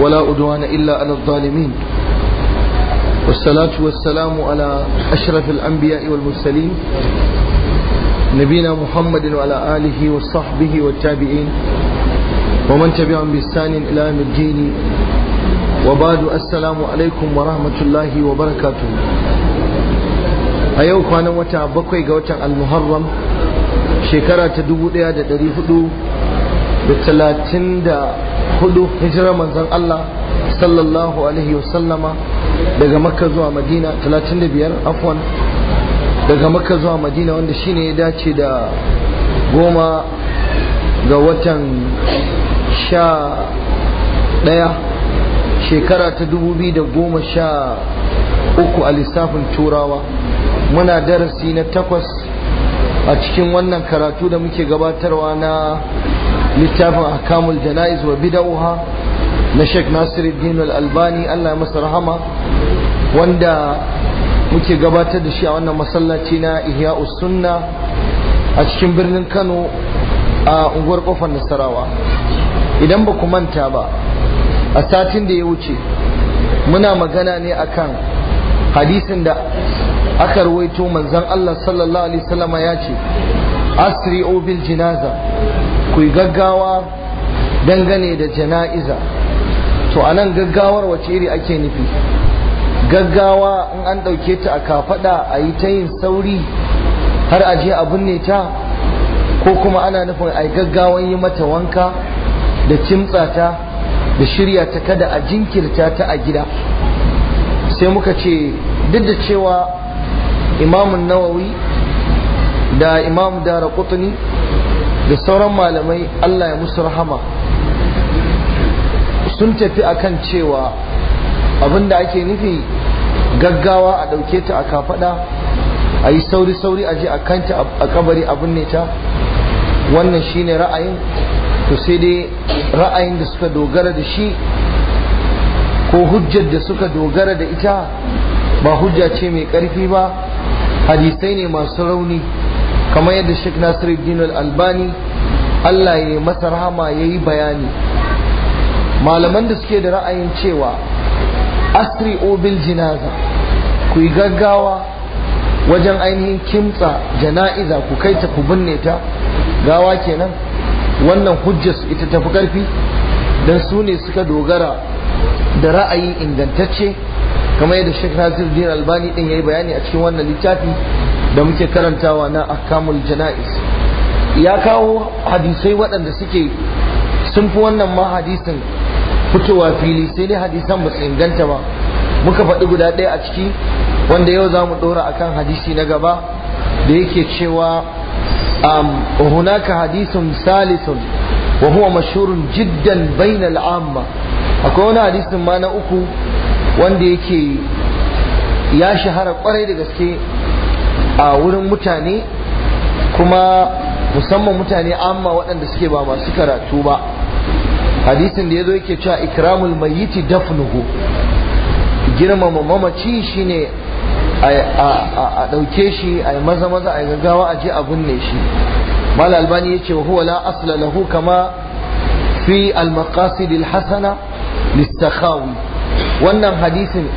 ولا أدوان إلا على الظالمين والصلاة والسلام على أشرف الأنبياء والمرسلين نبينا محمد وعلى آله وصحبه والتابعين ومن تبعهم بإحسان إلى يوم الدين وبعد السلام عليكم ورحمة الله وبركاته أيوة كان وتا بكوي جوتا المحرم شكرا تدوب لها تدريف da talatin da hudu hijirar manzan Allah sallallahu alaihi wasallama daga makka zuwa madina 35 afwan daga makka zuwa madina wanda shine ya dace da goma ga watan sha daya shekara ta dubu da goma sha uku a lissafin turawa muna darasi na takwas a cikin wannan karatu da muke gabatarwa na littafin ahkamul jana'iz wa bid'uha na Sheikh Nasiruddin Al-Albani Allah ya masa rahama wanda muke gabatar da shi a wannan masallaci na Ihya Sunna a cikin birnin Kano a unguwar kofar Nasarawa idan ba ku manta ba a satin da ya wuce muna magana ne akan hadisin da aka ruwaito manzon Allah sallallahu alaihi wasallama ya ce asri'u bil jinaza ku yi gaggawa dangane da jana'iza to a nan gaggawar wace iri ake nufi gaggawa in an ɗauke ta a kafaɗa a yi ta yin sauri har a je a binne ta ko kuma ana nufin a gaggawan yi mata wanka da cimtsa ta da shirya ta kada a jinkirta ta a gida sai muka ce duk da cewa imamun nawawi da imam dara kutuni da sauran malamai Allah ya musu rahama sun tafi akan cewa abinda ake nufi gaggawa a ɗauke ta a kafaɗa a yi sauri-sauri a je a kanta a kabari abin ne ta wannan shi ne ra'ayin to sai dai ra'ayin da suka dogara da shi ko hujjar da suka dogara da ita ba hujja ce mai ƙarfi ba hadisai ne masu rauni kamar yadda Sheikh Nasiruddin Al-Albani Allah ya yi masa rahama yi bayani malaman da suke da ra'ayin cewa asiri obil jinaza ku yi gaggawa wajen ainihin kimtsa jana'iza ku kai ta ku binne ta gawa kenan wannan hujjas ita tafi karfi don su ne suka dogara da ra'ayi ingantacce kamar yadda Sheikh Nasiruddin Albani din yi bayani a cikin wannan littafi da muke karantawa na akamul jana'is ya kawo hadisai waɗanda suke sun fi wannan ma hadisin fitowa fili sai dai hadisan ba su inganta ba muka faɗi guda ɗaya a ciki wanda yau za mu ɗora a kan hadisi na gaba da yake cewa um, hunaka hadisun salisun wa huwa mashurun jiddan bainal amma akwai wani hadisin ma na uku wanda yake ya shahara kwarai da gaske a wurin mutane kuma musamman mutane amma waɗanda suke ba masu karatu ba hadisin da ya zo yake cewa ikramul mayiti dafnuhu girmama mamaci shine a ɗauke shi a yi maza maza a yi gaggawa a je a binne shi mal albani ya ce wa huwa la asla lahu kama fi al maqasid al hasana wannan hadisin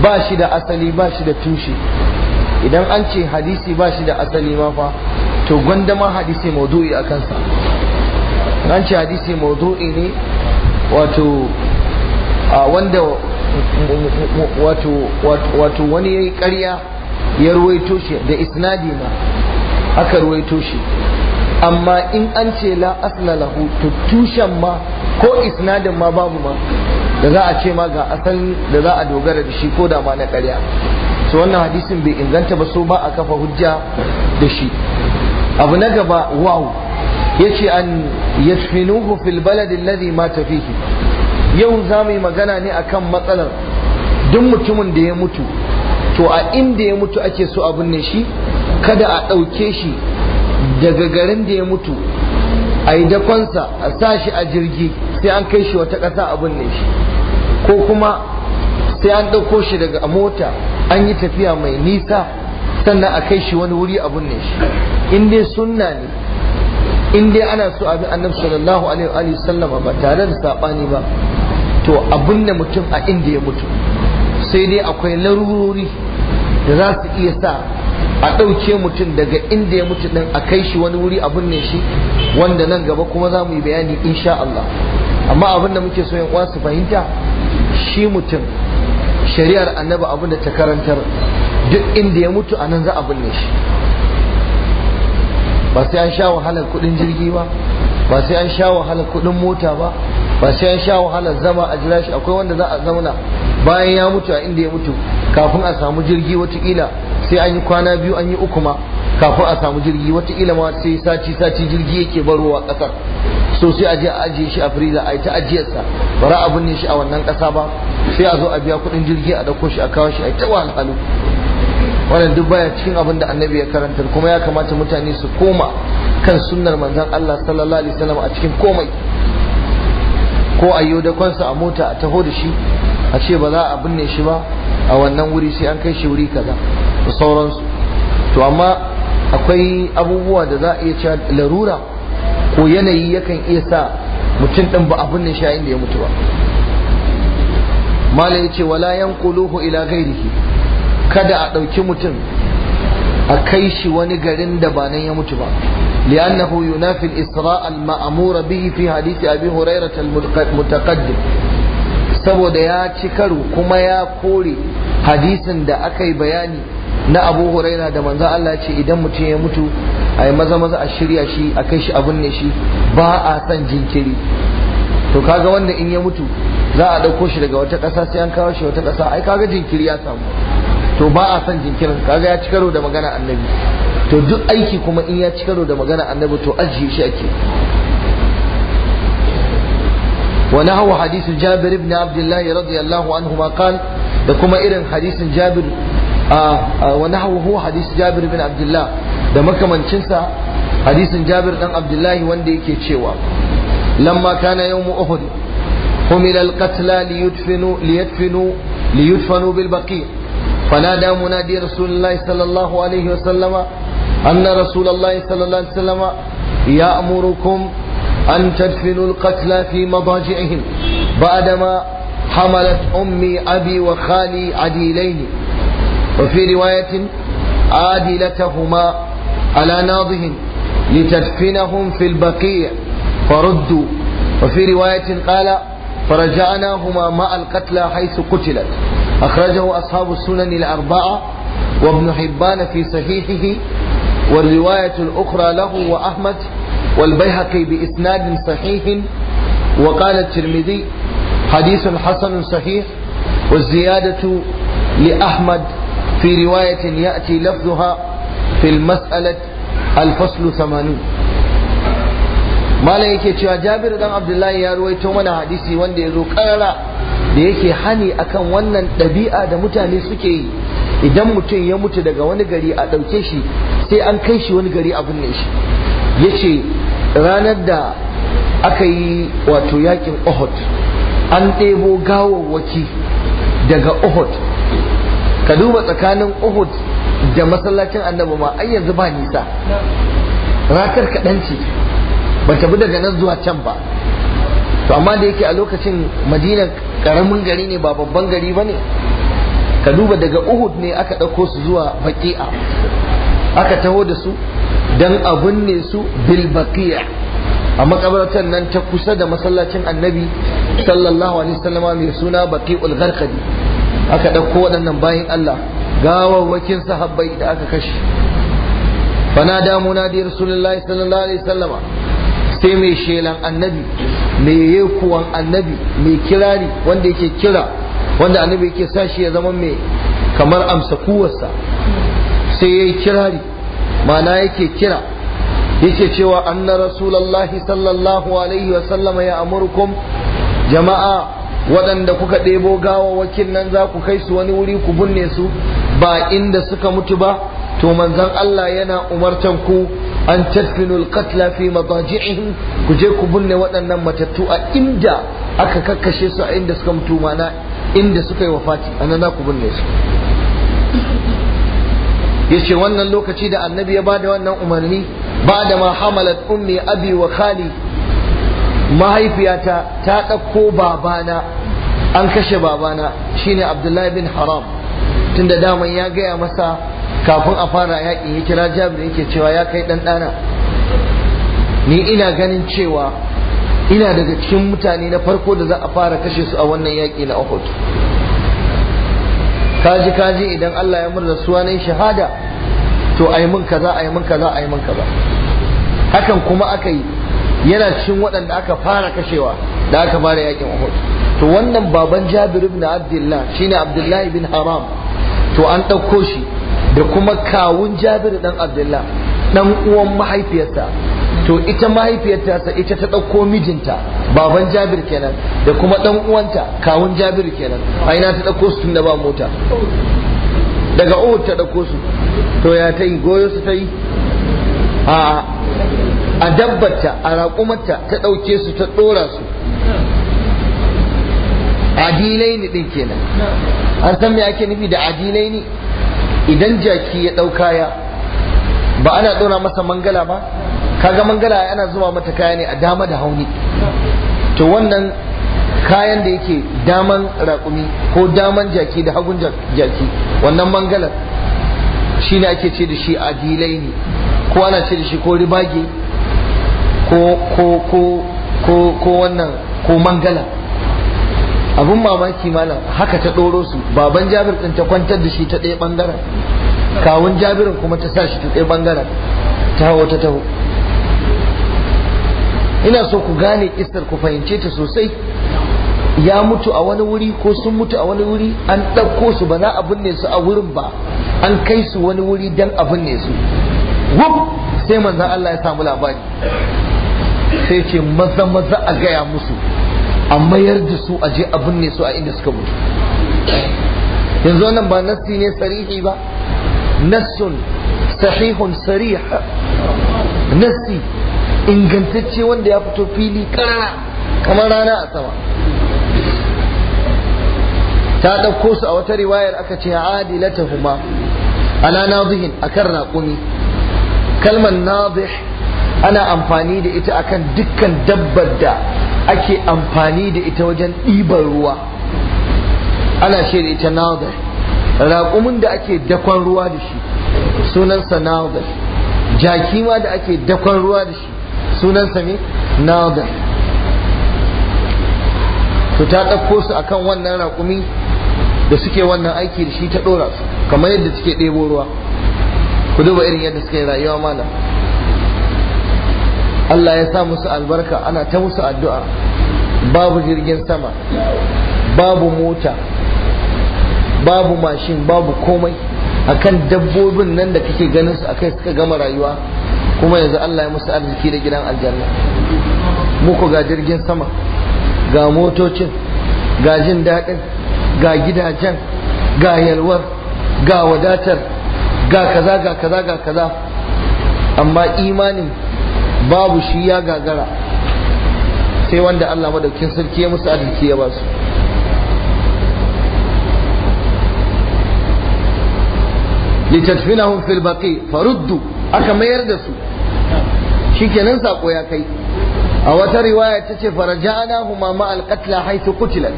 ba shi da asali ba shi da tushe idan an ce hadisi ba shi da asali ma fa to gwanda hadisi maudu'i a kansa an ce hadisi maudu'i ne wato wanda wato wani ya yi karya ya ruwaito shi da isnadi ma aka ruwaito shi amma in an ce la asla lahu to tushen ma ko isnadin ma babu ma da za a ce ma ga asalin da za a dogara da shi ko da ma na karya su wannan hadisin bai inganta ba so ba a kafa hujja da shi abu na gaba wow ce an yadfinuhu fil baladin ma ta tafihi yau za mu yi magana ne a kan matsalar duk mutumin da ya mutu to a inda ya mutu ake so abin ne shi kada a ɗauke shi daga garin da ya mutu a yi dakonsa a sa shi a jirgi sai an kai shi wata ƙasa abin ne shi ko kuma sai an ɗauko shi daga mota an yi tafiya mai nisa sannan a kai shi wani wuri abun ne shi in dai sunna ne in dai ana so abin annabi sallallahu alaihi wa sallama ba tare da sabani ba to abun da mutum a inda ya mutu sai dai akwai larurori da za su iya sa a ɗauke mutum daga inda ya mutu ɗin a kai shi wani wuri abun ne shi wanda nan gaba kuma za mu yi bayani insha Allah amma abin da muke so yan uwa su fahimta shi mutum shari'ar annaba abin da ta karantar duk inda ya mutu a nan za a binne shi ba sai an sha wahalar kudin jirgi ba ba sai an sha wahalar kudin mota ba ba sai an sha wahalar zama a jira shi akwai wanda za a zauna bayan ya mutu a inda ya mutu kafin a samu jirgi watakila sai an yi kwana biyu an yi uku ma kafin a samu jirgi watakila ma sai sati sati jirgi yake barowa kasar so sai a je a ajiye shi a firiza a yi ta ajiyarsa ba ra abin ne shi a wannan kasa ba sai a zo a biya kuɗin jirgi a dauko shi a kawo shi a yi ta wahalhalu wannan duk baya cikin abin da annabi ya karanta kuma ya kamata mutane su koma kan sunnar manzon Allah sallallahu alaihi wasallam a cikin komai ko a yi da kansa a mota a taho da shi a ce ba za a binne shi ba a wannan wuri sai an kai shi wuri kaza da sauransu to amma akwai abubuwa da za a iya cewa larura ko yanayi yakan iya sa mutum ɗin ba abin nan shayin da ya mutu ba mala ya ce wala yanquluhu ila ghairihi kada a ɗauki mutum a kai shi wani garin da ba nan ya mutu ba li'annahu yunafil al-isra al-ma'mura bihi fi hadisi abi hurairah al saboda ya ci karo kuma ya kore hadisin da aka yi bayani na abu huraira da manzo Allah ce idan mutum ya mutu a yi maza maza a shirya shi a kai shi abin ne shi ba a san jinkiri to kaga wanda in ya mutu za a ɗauko shi daga wata ƙasa sai an kawo shi wata ƙasa ai kaga jinkiri ya samu to ba a san jinkirin kaga ya ci karo da magana annabi to duk aiki kuma in ya ci karo da magana annabi to ajiye shi ake ونحو حديث جابر بن عبد الله رضي الله عنهما قال لكما إرن حديث جابر ونحوه حديث جابر بن عبد الله da makamancinsa hadisin jabir dan abdullahi wanda yake cewa lamma kana yawmu uhud humila alqatla liyudfinu liyadfinu liyudfanu bil baqi فنادى منادي رسول الله صلى الله عليه وسلم أن رسول الله صلى الله عليه وسلم يأمركم أن تدفنوا القتلى في مضاجعهم بعدما حملت أمي أبي وخالي عديلين وفي رواية عادلتهما على ناضهم لتدفنهم في البقيع فردوا وفي رواية قال فرجعناهما مع القتلى حيث قتلت أخرجه أصحاب السنن الأربعة وابن حبان في صحيحه والرواية الأخرى له وأحمد والبيهقي بإسناد صحيح وقال الترمذي حديث حسن صحيح والزيادة لأحمد في رواية يأتي لفظها في المسألة الفصل ثمانون malai yake cewa Jabiru dan abdullahi ya ruwaito mana hadisi wanda ya zo kara. da yake hani akan wannan ɗabi'a da mutane suke yi idan mutum ya mutu daga wani gari a ɗauke shi sai an kai shi wani gari abin ne shi ya ce ranar da aka yi wato yakin ohot an ɗebo gawawwaki daga ohot ka duba tsakanin uhud da masallacin annabi ma ai yanzu ba nisa Rakar kaɗan ce ba ta bi daga nan zuwa can ba to amma da yake a lokacin madina karamin gari ne ba babban gari ba ne ka duba daga uhud ne aka ɗauko su zuwa baki'a aka taho da su don a binne su bil baki'a a makabartar nan ta kusa da masallacin annabi sallallahu alaihi wasallama mai suna baki'ul gharqadi aka ɗauko waɗannan bayin Allah gawawwakin sahabbai da aka kashe fanada munadi rasulullahi sallallahu alaihi wasallama sai mai shelan annabi mai yekuwan annabi mai kirari wanda yake kira wanda annabi yake sashi ya zama mai kamar amsa kuwarsa sai ya yi kirari ma'ana yake kira yake cewa anna rasulullahi sallallahu alaihi wasallama ya amurkum jama'a waɗanda kuka ɗebo gawawwakin nan za ku kai su wani wuri ku binne su ba inda suka mutu ba to manzon Allah yana umartan ku an tadfinul katla fi madaji'ihim ku je ku binne waɗannan matattu a inda aka kakkashe su a inda suka mutu mana inda suka yi wafati anan za ku binne su yace wannan lokaci da annabi ya bada wannan umarni ba da ma hamalat ummi abi wa khali mahaifiyata ta ɗauko babana an kashe babana shine abdullahi bin haram tunda daman ya gaya masa kafin a fara yaƙi ya kira jabir yake cewa ya kai ɗan ɗana ni ina ganin cewa ina daga cikin mutane na farko da za a fara kashe su a wannan yaƙi na Uhud kaji kaji idan Allah ya murna suwa na shahada to a yi mun kaza a yi mun kaza a yi mun kaza hakan kuma aka yi yana cikin waɗanda aka fara kashewa da aka fara yakin Uhud to wannan baban Jabir ibn Abdullah shine Abdullah ibn Haram to an ɗauko shi da kuma kawun Jabir dan Abdullah dan uwan mahaifiyarsa to ita mahaifiyarta ita ta ɗauko mijinta baban Jabir kenan da kuma dan uwanta kawun Jabir kenan aina ta ɗauko su tunda ba mota daga Uhud ta ɗauko su to ya ta yi goyo su ta yi a a dabbata a raƙumata ta ɗauke su ta ɗora su adilai ɗin kenan an san me ake nufi da adilai idan jaki ya ɗau kaya ba ana ɗora masa mangala ba kaga mangala ana zuba mata kaya ne a dama da hauni to wannan kayan da yake daman raƙumi ko daman jaki da hagun jaki wannan mangalar shi ne ake ce da shi adilai ko ana ce da shi ko ribage ko ko ko ko wannan ko mangala abun mamaki malam haka ta ɗoro su baban jabir ɗin ta kwantar da shi ta ɗaya ɓangaren kawun jabirin kuma ta sa shi ta ɗaya ɓangaren ta hawo ta taho ina so ku gane kisar ku fahimce ta sosai ya mutu a wani wuri ko sun mutu a wani wuri an ɗauko su ba za a binne su a wurin ba an kai su wani wuri dan a binne su wuf sai manzan Allah ya samu labari sai ce maza maza a gaya musu a mayar da su a je a binne su a inda suka mutu yanzu wannan ba nassi ne sarihi ba nassun sahihun sarih nassi ingantacce wanda ya fito fili karara kamar rana a sama ta ɗauko su a wata riwayar aka ce adilatahuma ala nadihin akan raƙumi kalmar nadih ana amfani da ita akan dukkan dabbar da ake amfani da ita wajen ɗiban ruwa ana ce da ita naudar raƙumin da ake dakon ruwa da shi sunansa naudar jaki ma da ake dakon ruwa da shi sunansa ne naudar to ta ɗauko su akan wannan raƙumi da suke wannan aiki da shi ta ɗora su kamar yadda suke ɗebo ruwa ku duba irin yadda suke rayuwa malam Allah ya sa musu albarka ana ta musu addu'a babu jirgin sama babu mota babu mashin babu komai akan dabbobin nan da kake ganin su a kai suka gama rayuwa kuma yanzu Allah ya musu arziki da gidan aljanna muku ga jirgin sama ga motocin ga jin daɗin ga gidajen ga yalwar ga wadatar ga kaza ga kaza ga kaza amma imanin babu shi ya gagara sai wanda Allah madaukin sarki ya musu adalci ya basu. su litatfinahum fil baqi faruddu aka mayar da su shikenan sako ya kai a wata riwaya ta ce huma ma qatla haythu qutilat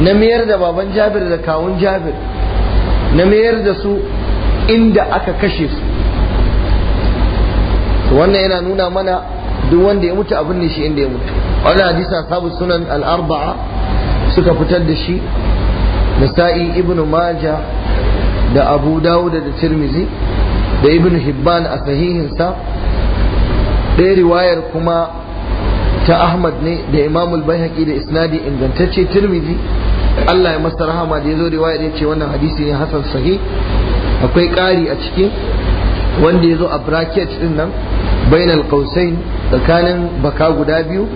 na mayar da baban Jabir da kawun Jabir na mayar da su inda aka kashe su wannan yana nuna mana duk wanda ya mutu abin ne shi inda ya mutu wannan hadisi sabu sunan al-arba'a suka fitar da shi nasa'i ibnu maja da abu dawud da tirmizi da ibnu hibban a sahihinsa ɗaya riwayar kuma ta ahmad ne da imamul bayhaqi da isnadi ingantacce tirmizi Allah ya masa rahama da ya zo riwayar ya ce wannan hadisi ne hasan sahih akwai ƙari a cikin wanda ya zo a bracket din nan bainal qausain tsakanin baka guda biyu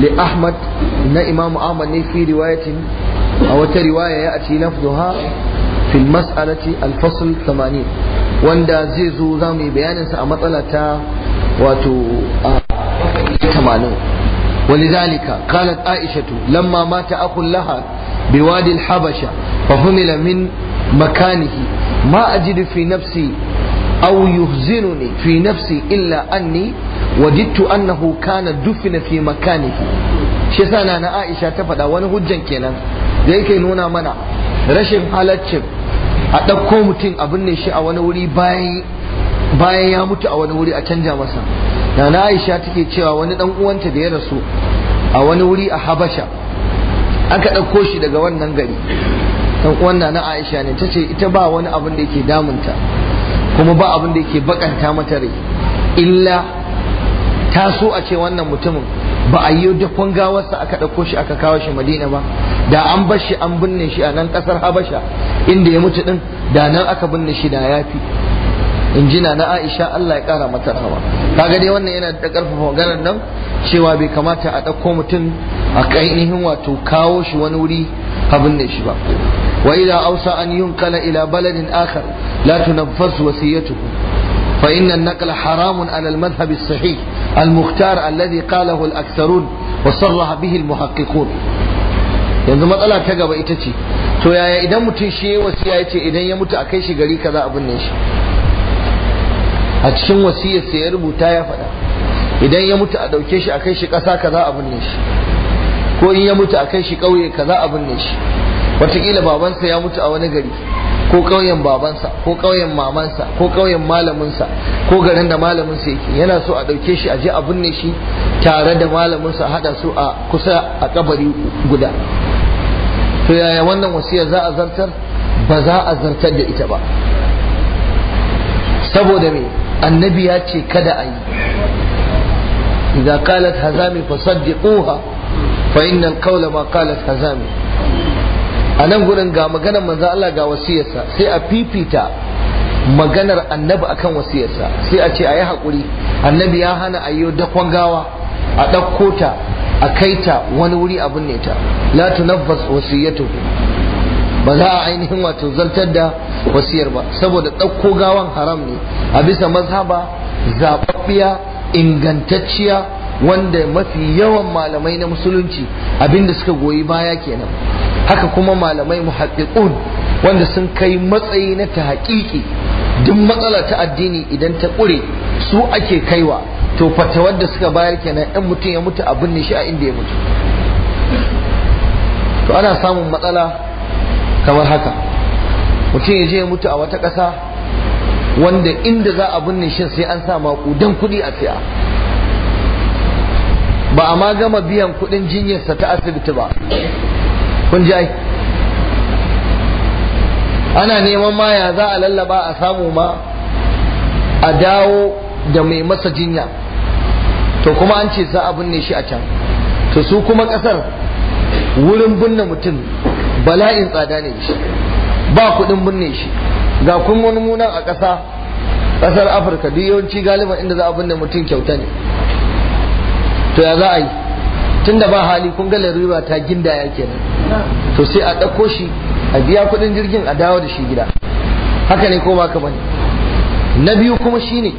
li ahmad na imamu ahmad ne fi riwayatin a wata riwaya ya ati nafduha fil mas'alati al fasl 80 wanda zai zo za mu yi bayanin sa a matsala ta wato 80 aishatu قالت عائشة لما مات أخ لها بوادي الحبشة فحمل من مكانه ما أجد في نفسي أو يحزنني في نفسي إلا أني وجدت أنه كان دفن في مكانه shi sa na Aisha ta faɗa wani hujjan kenan da yake nuna mana rashin halaccin a ɗauko mutum abin ne shi a wani wuri bayan ya mutu a wani wuri a canja masa na Aisha take cewa wani ɗan uwanta da ya rasu a wani wuri a Habasha aka ɗauko shi daga wannan gari ɗan uwan na Aisha ne ta ce ita ba wani abin da yake damunta kuma ba abin da yake bakanta mata rai illa ta so a ce wannan mutumin ba a yi dakon gawarsa aka ɗauko shi aka kawo shi madina ba da an bar shi an binne shi a nan ƙasar habasha inda ya mutu ɗin da nan aka binne shi da ya fi in jina na aisha allah ya ƙara mata rawa kaga dai wannan yana da ƙarfafa maganar nan cewa bai kamata a ɗauko mutum a ainihin wato kawo shi wani wuri a binne shi ba wa ila ausa an yunkala ila baladin akhar لا تنفذ وصيته فإن النقل حرام على المذهب الصحيح المختار الذي قاله الأكثرون وصرح به المحققون yanzu matsala ta gaba ita ce to yaya idan mutum shi ya wasiya ya ce idan ya mutu a kai shi gari kaza abin ne shi a cikin wasiyar sai ya rubuta ya faɗa idan ya mutu a ɗauke shi a kai shi ƙasa kaza abin ne shi ko in ya mutu a kai shi ƙauye kaza abin ne shi wataƙila babansa ya mutu a wani gari ko ƙauyen babansa ko ƙauyen mamansa ko ƙauyen malaminsa ko garin da malaminsa yake yana so a ɗauke shi a je a binne shi tare da malaminsa haɗa su a kusa a kabari guda to yaya wannan wasiya za a zartar ba za a zartar da ita ba saboda me annabi ya ce kada a yi idan qalat hazami fasaddiquha fa innal qawla ma qalat hazami a nan gurin ga maganar manzo Allah ga wasiyarsa sai a fifita maganar annabi akan wasiyarsa sai a ce a yi haƙuri annabi ya hana a yi dakon gawa a ɗauko ta a kai ta wani wuri abin ne ta la tunaffas wasiyatu ba za a ainihin wato zartar da wasiyar ba saboda ɗauko gawan haram ne a bisa mazhaba zaɓaɓɓiya ingantacciya wanda mafi yawan malamai na musulunci abinda suka goyi baya kenan haka kuma malamai muhaddiqun wanda sun kai matsayi na ta hakiki duk matsala ta addini idan ta ƙure su ake kaiwa to fatawar da suka bayar kenan ɗan mutum ya mutu abin ne shi a inda ya mutu to ana samun matsala kamar haka mutum ya je ya mutu a wata ƙasa wanda inda za a binne shi sai an sa maƙudan kuɗi a siya ba a ma gama biyan kuɗin jinyarsa ta asibiti ba kun ji ai ana neman ma ya za a lallaba a samu ma a dawo da mai masa jinya to kuma an ce za a binne shi a can to su kuma kasar wurin binne mutum bala'in tsada ne shi ba kuɗin binne shi ga kun wani munan a ƙasa ƙasar afirka duk yawanci galiban inda za a binne mutum kyauta ne to ya za a yi tunda ba hali kun ga larura ta gindaya kenan to sai a ɗauko shi a biya kuɗin jirgin a dawo da shi gida haka ne ko ba ka bane na biyu kuma shine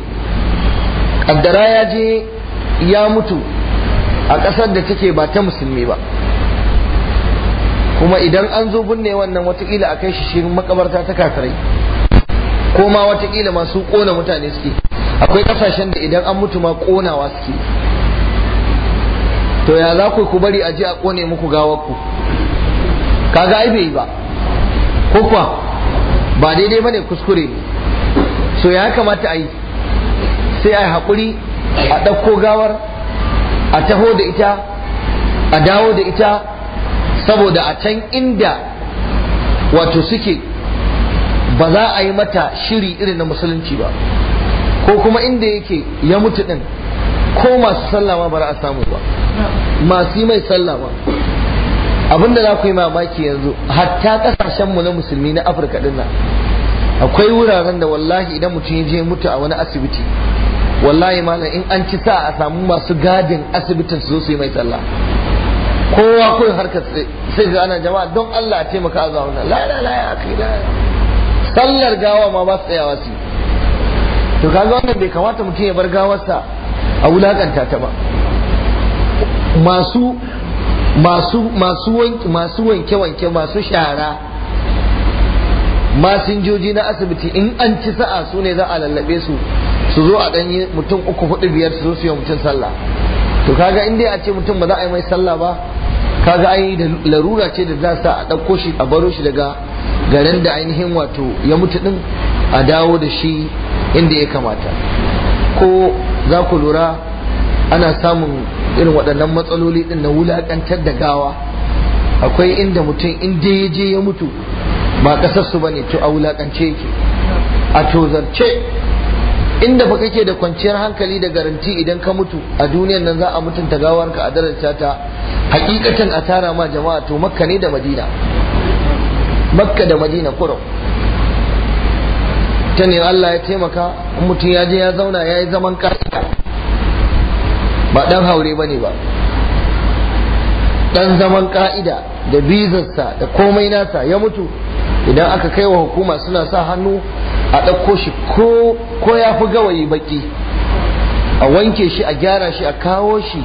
kaddara ya je ya mutu a ƙasar da take ba ta musulmi ba kuma idan an zo binne wannan watakila a kai shi shi makabarta ta kafirai ko ma watakila masu ƙona mutane suke akwai ƙasashen da idan an mutu ma ƙonawa suke to ya za ku ku bari a ji a kone muku gawarku kaga ai bai ba ko kuwa ba daidai bane kuskure so ya kamata a yi sai a yi haƙuri a ɗauko gawar a taho da ita a dawo da ita saboda a can inda wato suke ba za a yi mata shiri irin na musulunci ba ko kuma inda yake ya mutu ɗin ko masu sallah ma a samu ba masu yi mai sallah abinda za ku yi mamaki yanzu hatta kasashen mu na musulmi na afirka din nan akwai wuraren da wallahi idan mutum ya je mutu a wani asibiti wallahi malam in an ci sa a samu masu gadin asibitin su zo su yi mai sallah kowa kun harkar sai ga ana jama'a don Allah a taimaka a zauna la la la ya akhi la sallar gawa ma ba su tsayawa su to kaga wannan bai kamata mutum ya bar gawarsa a wulakanta ta ba masu wanke wanke masu shara masinjoji na asibiti in an ci sa'a su ne za a lallabe su su zo a ɗanyi mutum uku hudu biyar su zo su yi mutum sallah to kaga in dai a ce mutum ba za a yi mai sallah ba kaga ai da larura ce da za sa a ɗauko shi a baro shi daga garin da ainihin wato ya mutu din a dawo da shi inda ya kamata ko za ku lura ana samun irin waɗannan matsaloli ɗin na wulaƙantar da gawa akwai inda mutum in ya je ya mutu ba ƙasarsu ba ne to a wulaƙance yake a tozarce inda ba kake da kwanciyar hankali da garanti idan ka mutu a duniyan nan za a mutunta gawarka a daraja ta hakikatan a tara ma jama'a to makka ne da madina makka da madina kurau ta ne Allah ya taimaka mutum ya je ya zauna ya yi zaman ƙasa ba ɗan haure ba ne ba ɗan zaman ƙa'ida da bizarsa da komai nasa ya mutu idan aka kai wa hukuma suna sa hannu a ɗauko shi ko ya fi gawayi baƙi a wanke shi a gyara shi a kawo shi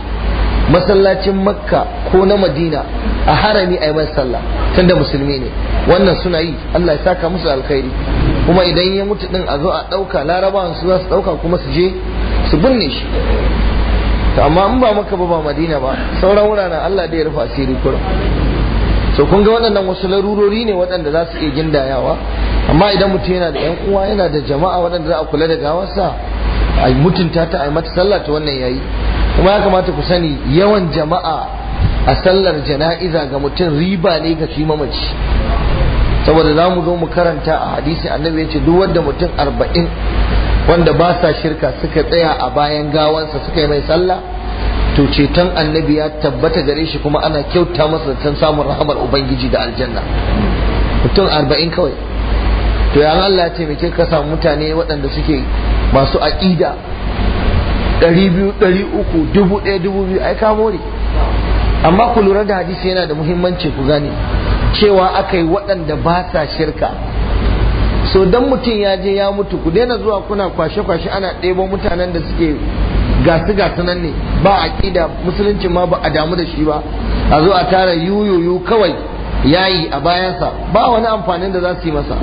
masallacin makka ko na madina a harami a yi sallah tunda musulmi ne wannan suna yi allah ya saka musu alkhairi kuma idan ya mutu din a zo a ɗauka larabawan su za su dauka kuma su je su binne shi to amma in ba maka ba ba madina ba sauran wuraren Allah da ya rufa asiri kurum so kun ga waɗannan wasu larurori ne waɗanda za su iya gindayawa amma idan mutum yana da 'yan uwa yana da jama'a waɗanda za a kula da gawarsa a mutunta ta a yi mata sallah ta wannan yayi kuma ya kamata ku sani yawan jama'a a sallar jana'iza ga mutum riba ne ga fi mamaci saboda za mu zo mu karanta a hadisi annabi ya ce duk wanda mutum arba'in wanda ba sa shirka suka tsaya a bayan gawansa suka yi mai sallah to ceton annabi ya tabbata gare shi kuma ana kyauta masa can samun rahamar ubangiji da aljanna mutum arba'in kawai to ya Allah ya taimake ka samu mutane waɗanda suke masu aƙida ɗari biyu ɗari uku dubu ɗaya dubu biyu ai ka more amma ku lura da hadisi yana da muhimmanci ku gane cewa aka yi waɗanda ba sa shirka so don mutum ya je ya mutu ku daina zuwa kuna kwashe-kwashe ana ɗebo mutanen da suke gasu gasu nan ne ba ƙida musulunci ma ba a damu da shi ba a zo a tara yuyuyu kawai yayi a bayansa ba wani amfanin da za su yi masa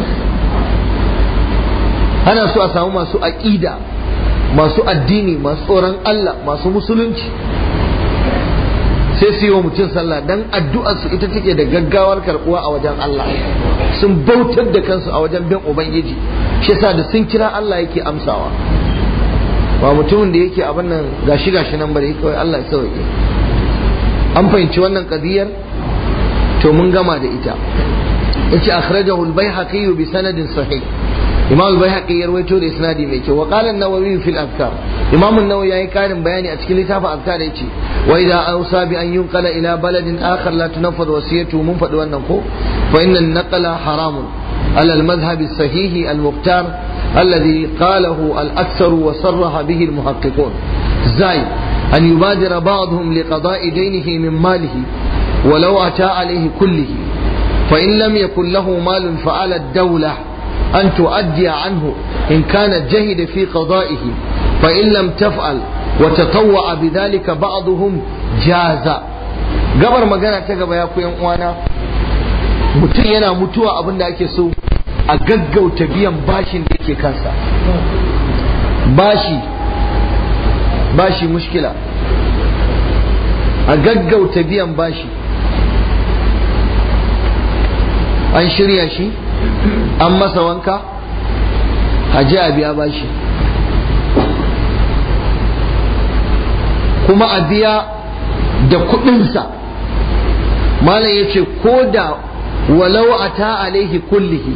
ana so a samu masu aƙida masu addini masu tsoron Allah masu musulunci sai su yi wa mutum sallah don addu'ar su ita take da gaggawar karɓuwa a wajen Allah sun bautar da kansu a wajen bin ubangiji shi yasa da sun kira Allah yake amsawa ba mutumin da yake abin nan gashi gashi nan bare kawai Allah ya sauke an fahimci wannan kadiyar to mun gama da ita yace akhrajahu al-baihaqi bi sanadin sahih imam bai ya rawaito da isnadi mai kyau wa qala an-nawawi fi al-afkar imam an-nawawi karin bayani a cikin littafin afkar da yace wa idza awsa bi an yunqala ila baladin akhar la tunaffad wasiyatu mun faɗi wannan ko fa inna an-naqla haram ala al-madhhab as-sahih al-muqtar alladhi qalahu al-aksar wa sarraha bihi al-muhaqqiqun zai an yubadir ba'dhum li qada'i daynihi min malihi wa law ata'a alayhi kullihi fa in lam yakul lahu malun fa'ala ad أن تؤدي عنه إن كانت جهد في قضائه فإن لم تفعل وتطوع بذلك بعضهم جاز gabar magana ta gaba ya koyan uwana mutum yana mutuwa abin da ake so a gaggauta biyan bashin da yake kansa bashi bashi an shirya shi an masa wanka haji a biya bashi kuma a biya da kudinsa malam ya ce ko da walau a ta alaihi kullihi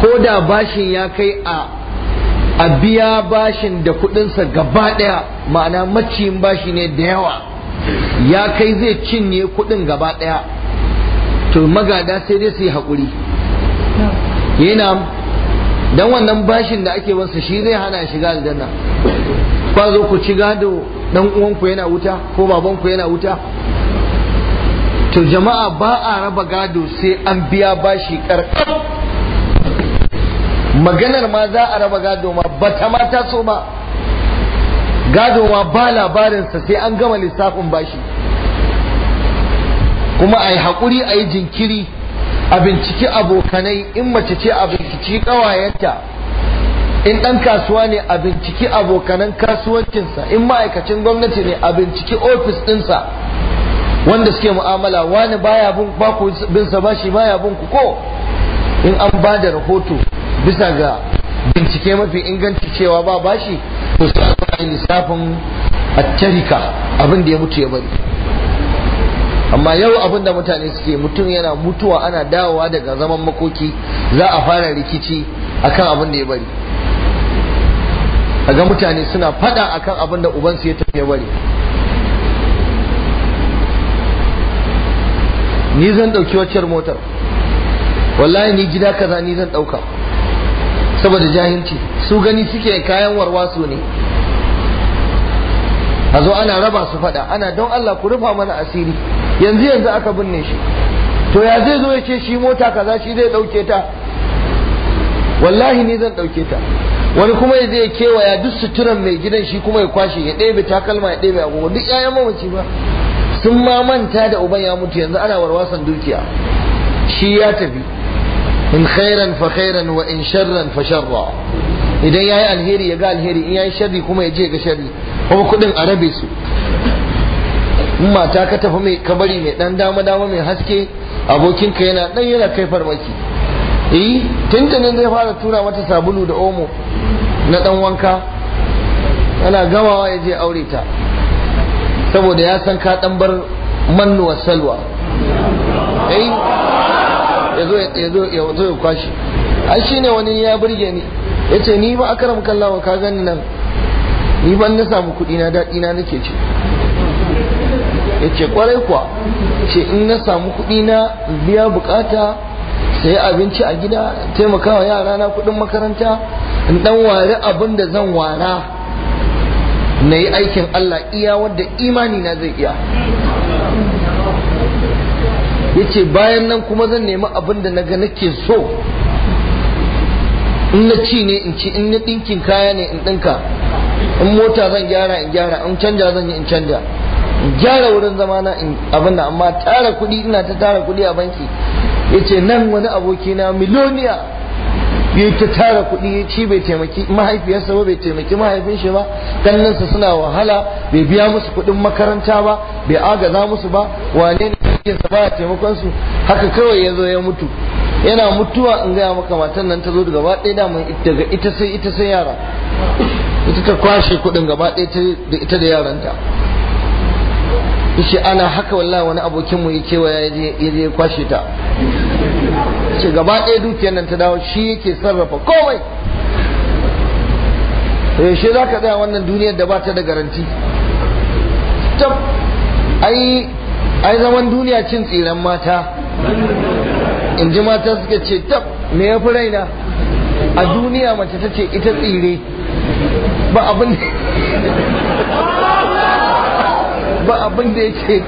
ko da bashin ya kai a a biya bashin da kudinsa gaba daya ma'ana maciyin bashi ne da yawa ya kai zai cinye kudin gaba daya to magada sai dai su yi haƙuri yana dan wannan bashin da ake wansa shi zai hana shiga aljanna ba zo ku ci gado dan uwanku yana wuta ko babanku yana wuta to jama'a ba a raba gado sai an biya bashi karkar maganar ma za a raba gado ma ba ta ma taso ba gado ma ba labarinsa sai an gama lissafin bashi kuma a yi haƙuri a yi jinkiri a binciki abokanai in mace ce a binciki ƙawayenta in ɗan kasuwa ne a binciki abokanan kasuwancinsa in ma'aikacin gwamnati ne a binciki ofis ɗinsa wanda suke mu'amala wani baya bin ba ku bin sa bashi baya bin ku ko in an ba da rahoto bisa ga bincike mafi inganci cewa ba bashi to sai a lissafin a abin da ya mutu ya bari amma yau abin da mutane suke mutum yana mutuwa ana dawowa daga zaman makoki za a fara rikici akan abin da ya bari ga mutane suna fada akan abin da ubansu ya tafi bari ni zan dauki waccar motar wallahi ni gida kaza ni zan dauka saboda jahinci su gani suke kayan warwasu ne a zo ana raba su fada ana don Allah ku rufa mana asiri yanzu yanzu aka binne shi to ya zai zo ya ce shi mota kaza shi zai dauke ta wallahi ni zan dauke ta wani kuma ya zai kewaya duk suturan mai gidan shi kuma ya kwashe ya ɗebe takalma ya ɗebe agogo duk 'ya'yan mamaci ba sun ma manta da uban ya mutu yanzu ana warwasan dukiya shi ya tafi in khairan fa khairan wa in sharran fa sharra idan yayi alheri ya ga alheri in yayi sharri kuma ya je ga sharri kuma kudin a rabe su in mata ka tafi mai kabari mai dan dama dama mai haske abokinka yana dan yana kai farmaki eh tuntunin zai fara tura mata sabulu da omo na dan wanka ana gamawa ya je aure ta saboda ya san ka dan bar wa salwa eh ya zo ya kwashi ai shine wani ya burge ni yace ni ba akram kallawa ka gani nan ni ban na samu kudi na dadi na nake ci ya ce kwarai kuwa ce in na samu kuɗi na biya bukata sai abinci a gida taimakawa yara na kuɗin makaranta in dan ware abin da zan wara na yi aikin Allah iya wadda imani na zai iya ya ce bayan nan kuma zan nemi abin da na nake so in na ci ne in ci in na ɗinkin kaya ne in ɗinka in mota zan gyara in gyara in canja zan yi in canja in gyara wurin zama na abin da amma tara kuɗi ina ta tara kuɗi a banki yace nan wani aboki na miloniya ya ta tara kuɗi ya ci bai taimaki mahaifiyarsa ba bai taimaki mahaifin shi ba kannansa suna wahala bai biya musu kuɗin makaranta ba bai agaza musu ba wane ne yake sa ba taimakon su haka kawai ya zo ya mutu yana mutuwa in gaya maka matan nan ta zo da gaba ɗaya daman daga ita sai ita sai yara ita ta kwashe kuɗin gaba ɗaya da ita da yaranta yace ana haka wallahi wani abokin mu yake ya yaje kwashe ta ce gaba ɗaya dukiyar nan ta dawo shi yake sarrafa komai yaushe za ka tsaya wannan duniyar da ba ta da garanti tab ai ai zaman duniya cin tsiran mata in ji mata suka ce tab me ya fi raina a duniya mace ta ce ita tsire ba abin ba abin da yake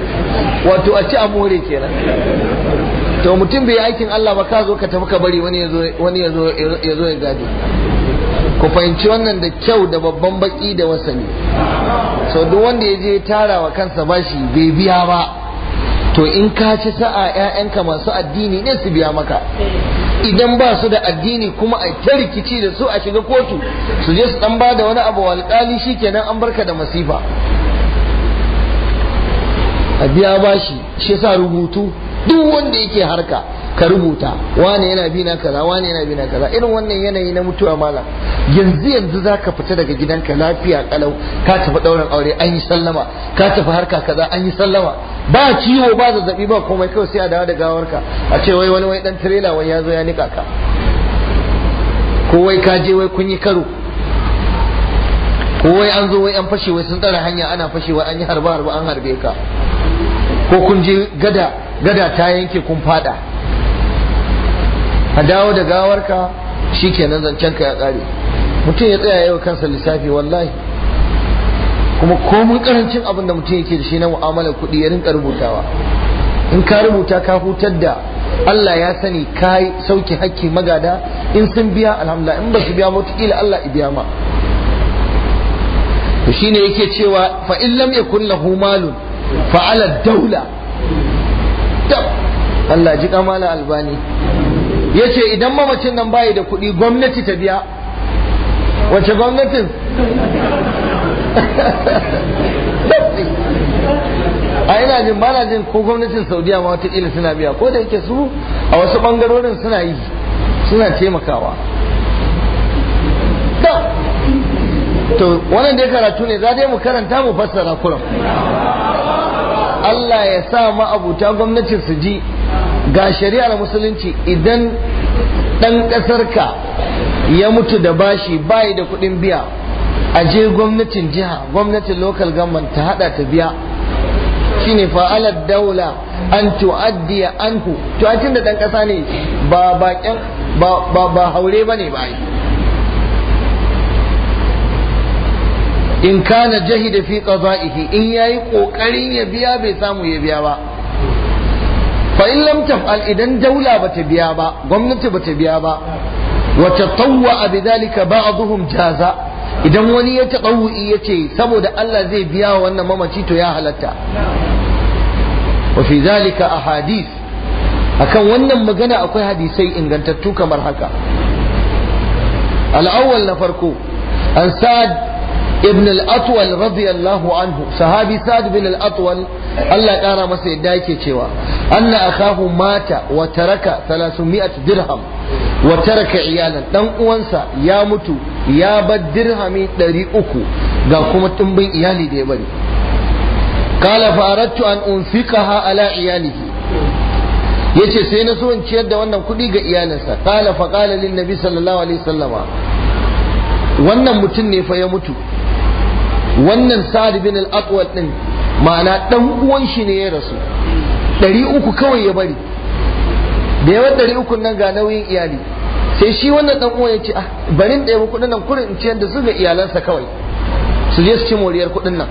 wato a ci a more kenan to mutum bai aikin Allah ba ka zo ka tafi ka bari wani ya zo ya gado ku fahimci wannan da kyau da babban baki da wasani so duk wanda ya je tara wa kansa bashi bai biya ba to in ka ci sa'a 'ya'yanka masu addini ne su biya maka idan ba su da addini kuma a ta rikici da su a shiga kotu su je su dan ba da wani abu shi kenan an barka da masifa a biya bashi shi sa rubutu duk wanda yake harka ka rubuta wane yana bi na kaza wane yana bi na kaza irin wannan yanayi na mutuwa malam yanzu yanzu za ka fita daga gidanka lafiya kalau ka tafi daurin aure an yi sallama ka tafi harka kaza an yi sallama ba ciwo ba zazzabi ba komai kawai sai a dawo da gawarka a ce wai wani wai dan tirela wai ya zo ya nika ka ko wai ka je wai kun yi karo ko wai an zo wai an fashe wai sun tsara hanya ana fashewa an yi harba harba an harbe ka ko kun je gada gada ta yanke kun fada a dawo da gawarka shikenan zancen ka ya kare mutum ya tsaya yau kansa lissafi wallahi kuma komun karancin abin da mutum yake da shi na mu'amalar kuɗi ya rinka rubutawa in ka rubuta ka hutar da Allah ya sani ka sauki hakki magada in sun biya alhamdulillah in ba su biya wataƙila Allah i biya ma to shine yake cewa fa in lam yakun lahu malun fa'ala daula Allah ji kamala albani ya ce idan mamacin nan bai da kuɗi gwamnati ta biya wace gwamnatin a ina jin ba na jin ko gwamnatin saudiya ma wata watakila suna biya ko da yake su a wasu bangarorin suna yi suna taimakawa to wannan dai karatu ne za dai mu karanta mu fassara kuran Allah ya sa ma'abuta gwamnati su ji ga shari'ar musulunci idan ɗan ƙasarka ya mutu da bashi bayi da kuɗin biya a je gwamnatin jiha gwamnatin lokal government ta hada ta biya Shin fa'alar daula an tu'addiya anhu to da ɗan ƙasa ne ba haure ba ne ba in kana jahida fi qada'ihi in yayi kokarin ya biya bai samu ya biya ba fa in lam taf'al idan daula bata biya ba gwamnati bata biya ba wa tatawwa bidhalika ba'dhum jaza idan wani ya taɓawu'i ya ce saboda Allah zai biya wa wannan mamaci to ya halatta wa fi zalika ahadis akan wannan magana akwai hadisai ingantattu kamar haka al-awwal na farko an sa'ad ibn al-atwal radiyallahu anhu sahabi sa'd bin al-atwal Allah ƙara masa yadda yake cewa anna akahu mata wa taraka 300 dirham wa taraka iyalan dan uwansa ya mutu ya bar dirhami 300 ga kuma tumbin iyali da ya bari kala faratu an unfiqaha ala iyalihi yace sai na so in ciyar da wannan kuɗi ga iyalinsa kala fa kala lin nabi sallallahu alaihi wasallama wannan mutum ne fa ya mutu wannan sa'ad bin al-aqwa ma'ana dan uwan shi ne ya rasu ɗari uku kawai ya bari da yawan ɗari uku nan ga nauyin iyali sai shi wannan dan uwan ya ce ah barin ɗaya kuɗin nan kurin in ciyar da su ga iyalansa kawai su je su ci moriyar kuɗin nan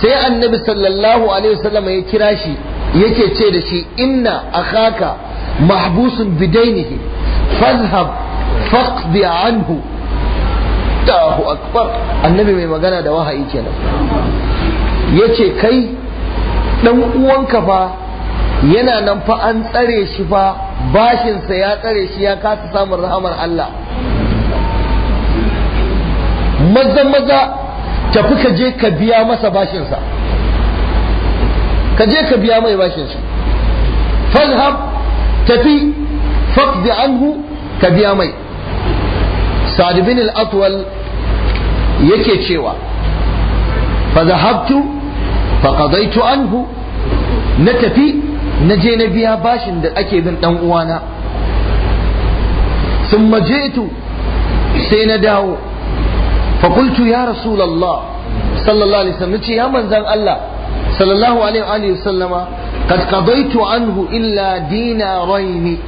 sai annabi sallallahu alaihi wasallam ya kira shi yake ce da shi inna akhaka mahbusun bidainihi fazhab faqdi anhu Allahu akbar annabi mai magana da wahayi kenan yace kai dan uwanka fa yana nan fa an tsare shi fa bashinsa ya tsare shi ya kasa samun rahamar Allah maza maza tafi ka je ka biya masa bashinsa ka je ka biya mai bashinsa fazhab tafi faqdi anhu ka biya mai sa'ad bin al-atwal yake cewa fa zahabtu fa qadaitu anhu na tafi na je na biya bashin da ake bin dan uwana thumma ji'tu sai na dawo fa qultu ya rasulullah sallallahu alaihi wasallam ce ya manzon Allah sallallahu alaihi wasallama qad qadaitu anhu illa dinaraini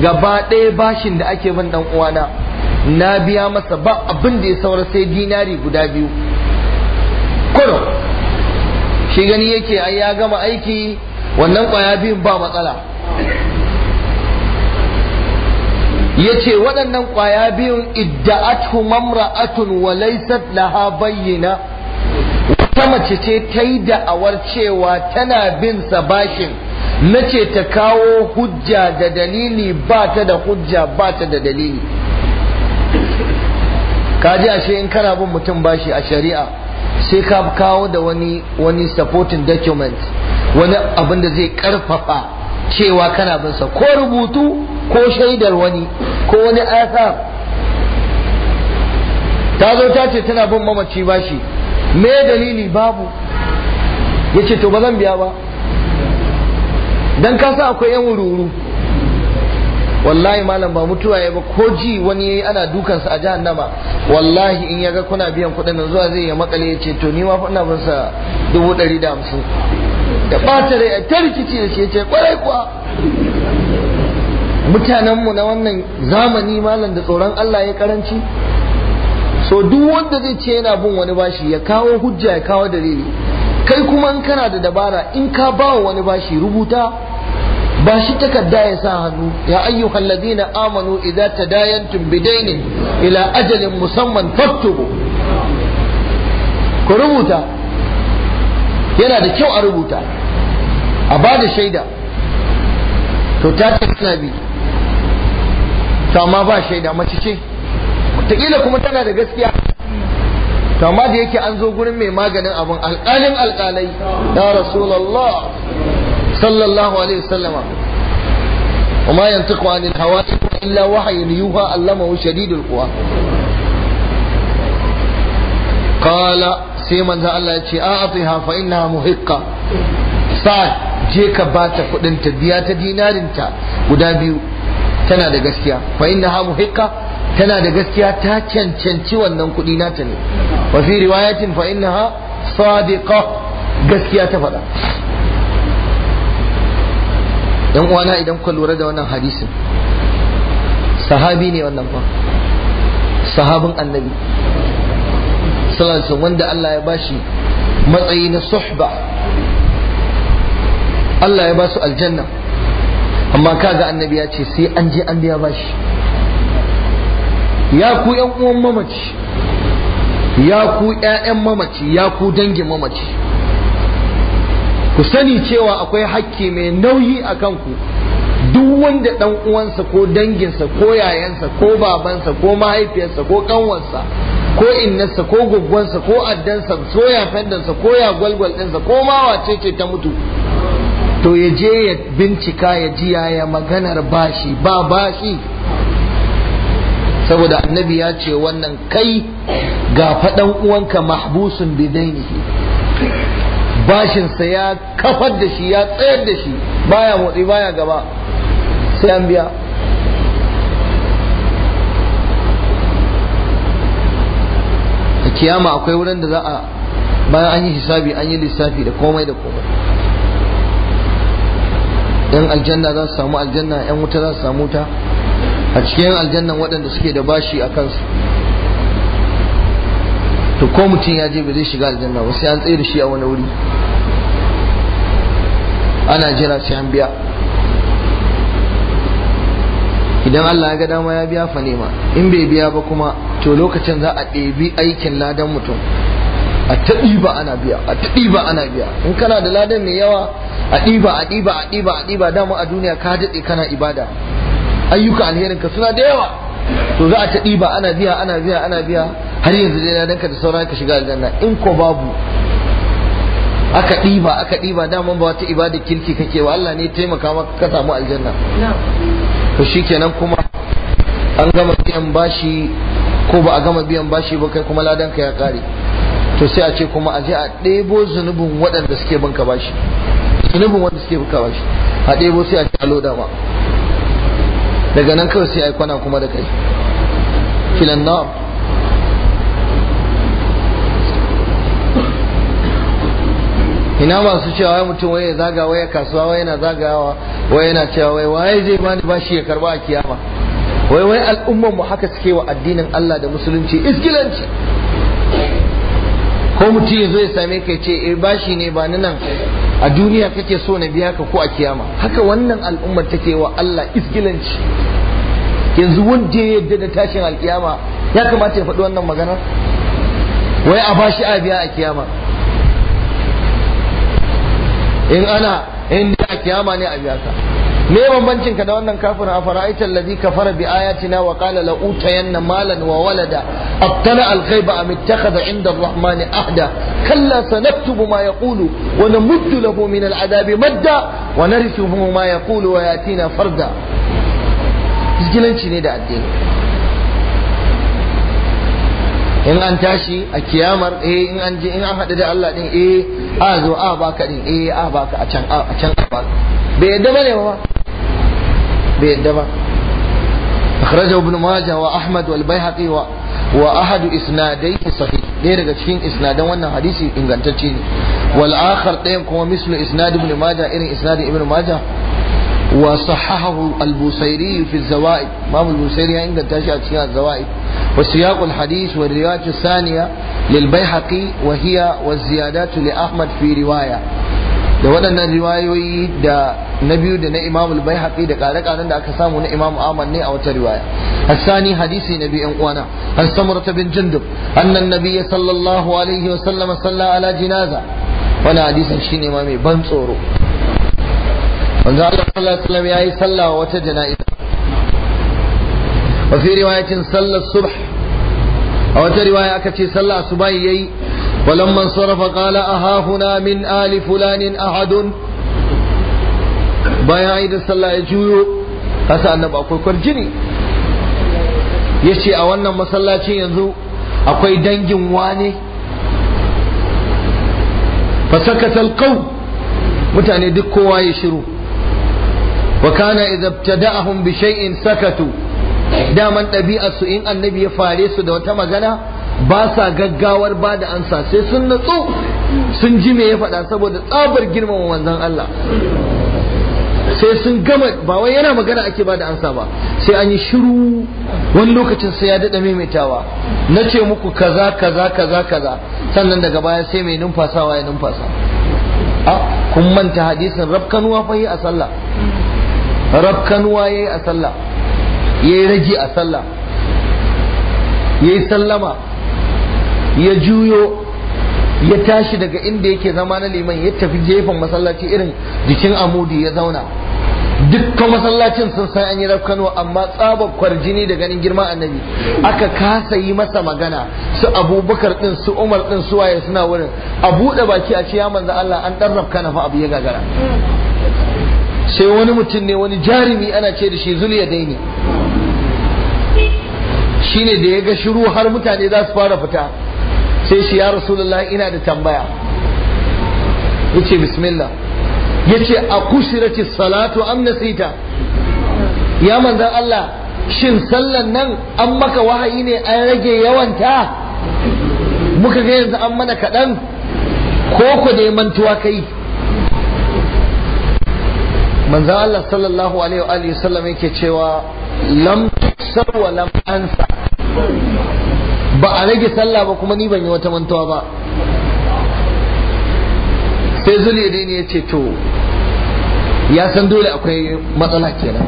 gaba ɗaya bashin da ake bin dan uwana na biya masa ba abin da ya saura sai dinari guda biyu kuro shi gani yake ai ya gama aiki wannan kwaya biyun ba matsala ya ce waɗannan kwaya biyun idda'atu mamra'atun wa laysat laha bayyina wata mace ce ta yi da'awar cewa tana bin sa bashin na ce ta kawo hujja da dalili ba ta da hujja ba ta da dalili ka ji ashe in kana bin mutum bashi a shari'a sai ka kawo da wani wani supporting document wani abin da zai karfafa cewa kana bin sa ko rubutu ko shaidar wani ko wani asar ta zo ta ce tana bin mamaci bashi me dalili babu yace to ba zan biya ba dan kasa akwai yan wururu wallahi malam ba mutuwa ya ba ko ji wani yayi ana dukan a jihar nama wallahi in yaga kuna biyan kuɗin nan zuwa zai ya makale ya ce to ni ma ina bin sa dubu ɗari da hamsin da ɓata rai a ta rikici da shi ya ce kwarai kuwa mutanenmu na wannan zamani malam da tsoron Allah ya karanci so duk wanda zai ce yana bin wani bashi ya kawo hujja ya kawo dalili kai kuma in kana da dabara in ka ba wani bashi rubuta ba shi takarda ya sa hannu ya ayyukan ladina amanu idza tadayantum bidainin ila ajalin musamman faktubu ku rubuta yana da kyau a rubuta a ba da shaida to ta tana bi to amma ba shaida mace ce wataƙila kuma tana da gaskiya to amma da yake an zo gurin mai maganin abin alƙalin alƙalai ya rasulallah sallallahu alaihi wasallama وما ينطق عن الهوى إلا وحي يوحى علمه شديد القوى قال سيمن الله يتشي أعطيها فإنها مهقة سعد جيك باتا قدنت بيات دينار انت ودابيو تنا دا قسيا فإنها مهقة تنا دا قسيا تا چن چن چوان ننكو ديناتني وفي رواية فإنها صادقة قسيا تفضل yan uwana idan ku lura da wannan hadisin sahabi ne wannan fa sahabin annabi sallallahu wanda Allah ya bashi matsayi na suhba Allah ya basu aljanna amma kaga annabi ya ce sai an je an biya bashi ya ku yan uwan mamaci ya ku ƴaƴan mamaci ya ku dangin mamaci ku sani cewa akwai hakki mai nauyi a kanku duk wanda dan uwansa ko danginsa ko yayansa ko babansa ko mahaifiyarsa ko kanwarsa ko innarsa ko gugwansa ko addansa ko yafendansa ko ya gwalgwal ɗinsa ko ma wace ce ta mutu to ya je ya bincika ya ji yaya maganar bashi ba bashi saboda annabi ya ce wannan kai ga fadan uwanka mahbusun bidainihi bashinsa ya kafar da shi ya tsayar da shi baya motsi baya gaba sai an biya a kiyama akwai wurin da za a bayan an yi hisabi an yi lissafi da komai da komai yan aljanna za su samu aljanna yan wuta za su samu wuta a cikin aljannan waɗanda suke da bashi a kansu to ko mutum ya je ba zai shiga aljanna ba sai an tsaye da shi a wani wuri ana jira sai an biya idan Allah ya ga dama ya biya fa nema in bai biya ba kuma to lokacin za a ɗebi aikin ladan mutum a ta ɗiba ana biya a ta ɗiba ana biya in kana da ladan mai yawa a ɗiba a ɗiba a ɗiba a ɗiba dama a duniya ka daɗe kana ibada ayyuka alherin ka suna da yawa to za a ta ɗiba ana biya ana biya ana biya har yanzu dai ladan ka da sauran ka shiga aljanna in ko babu aka ɗiba aka ɗiba daman ba wata ibada kirki kake wa Allah ne taimaka maka ka samu aljanna to kenan kuma an gama biyan bashi ko ba a gama biyan bashi ba kai kuma ladan ka ya kare to sai a ce kuma a je a ɗebo zunubin waɗanda suke banka bashi zunubin wanda suke banka bashi a ɗebo sai a ce a loda ma daga nan kawai sai a yi kwana kuma da kai filan na'am ina masu cewa wai mutum wai ya zaga waye kasuwa waye na zagawa waye na cewa wai waye zai bani bashi ya karba a kiyama wai wai al'umman mu haka suke wa addinin Allah da musulunci iskilanci ko mutum ya zo ya same ka ce eh bashi ne ba nan a duniya kake so na biya ka ko a kiyama haka wannan al'ummar take wa Allah iskilanci yanzu wanda ya yadda da tashin alkiyama ya kamata ya faɗi wannan magana wai a bashi a biya a kiyama in ana inda da kiyama ne a biya ka me bambancin ka da wannan kafirin a fara'aita allazi kafara bi ayatina wa qala la utayanna malan wa walada abtala al am ittakhadha inda ar-rahmani ahda kalla sanaktubu ma yaqulu wa namuddu lahu min adabi madda wa narithuhu ma yaqulu wa yatina farda ne da addini in an tashi a kiyamar eh in an je in an haɗu da Allah din eh a zo a baka din eh a baka a can a can a baka bai yadda bane ba bai yadda ba akhraja ibn majah wa ahmad wal baihaqi wa wa ahad isnadayhi sahih ɗaya daga cikin isnadan wannan hadisi ingantacce ne wal akhar ɗayan kuma mislu isnad ibn majah irin isnad ibn majah وصححه البوصيري في الزوائد امام البوصيري عند تشاء الزوائد وسياق الحديث والرواية الثانية للبيحقي وهي والزيادات لأحمد في رواية da waɗannan riwayoyi da na biyu da na imam al da ƙare-ƙaren da aka samu na imam ahmad ne a wata riwaya asani hadisi na biyan uwana an samurta bin jundub annan nabiyya sallallahu alaihi wa sallama salla ala jinaza wannan hadisin shine ma mai ban tsoro wanda Allah sallallahu ya yi sallah wata jana'iza wa fi riwayatin sallar subh a wata riwaya aka ce sallah su bai yayi wa lamman sarafa qala ahafuna min ali fulanin ahadun bayan ayi da sallah ya juyo kasa annabi akwai kwarjini yace a wannan masallacin yanzu akwai dangin wane fasakatal qaum mutane duk kowa ya shiru wa kana idza ibtada'ahum bi shay'in sakatu daman ɗabi'ar su in annabi ya fare su da wata magana ba sa gaggawar ba da ansa sai sun natsu sun ji me ya faɗa saboda tsabar girmama manzon Allah sai sun gama ba wai yana magana ake ba da ansa ba sai an yi shiru wani lokacin sai ya daɗa maimaitawa na ce muku kaza kaza kaza kaza sannan daga baya sai mai numfasawa ya numfasa a ah, kun manta hadisin rafkanuwa fahi a sallah rafkanuwa ya yi a sallah ya yi raji a sallah ya yi sallama ya juyo ya tashi daga inda yake zama na liman ya tafi jefan masallaci irin jikin amudi ya zauna dukkan masallacin sun san an yi rafkanuwa amma tsabar kwarjini da ganin girman annabi aka kasa yi masa magana su abubakar din su umar din su waye suna wurin a buɗe baki a ce ya manzo Allah an dan rafkana fa abu ya gagara sai wani mutum ne wani jarumi ana ce da shi zuliya shi ne da ya ga shiru har mutane za su fara fita sai shi ya rasulullah ina da tambaya ce bismillah ce a kushirati salatu an nasita ya manzan Allah shin sallan nan an maka wahayi ne an rage yawanta muka ga yanzu an mana kaɗan ko ku ya mantuwa kai manzo Allah sallallahu alaihi wa sallam yake cewa lam tuksar wa lam ansa ba a rage sallah ba kuma ni ban yi wata mantuwa ba sai zuliyadi ne ya ce to ya san dole akwai matsala kenan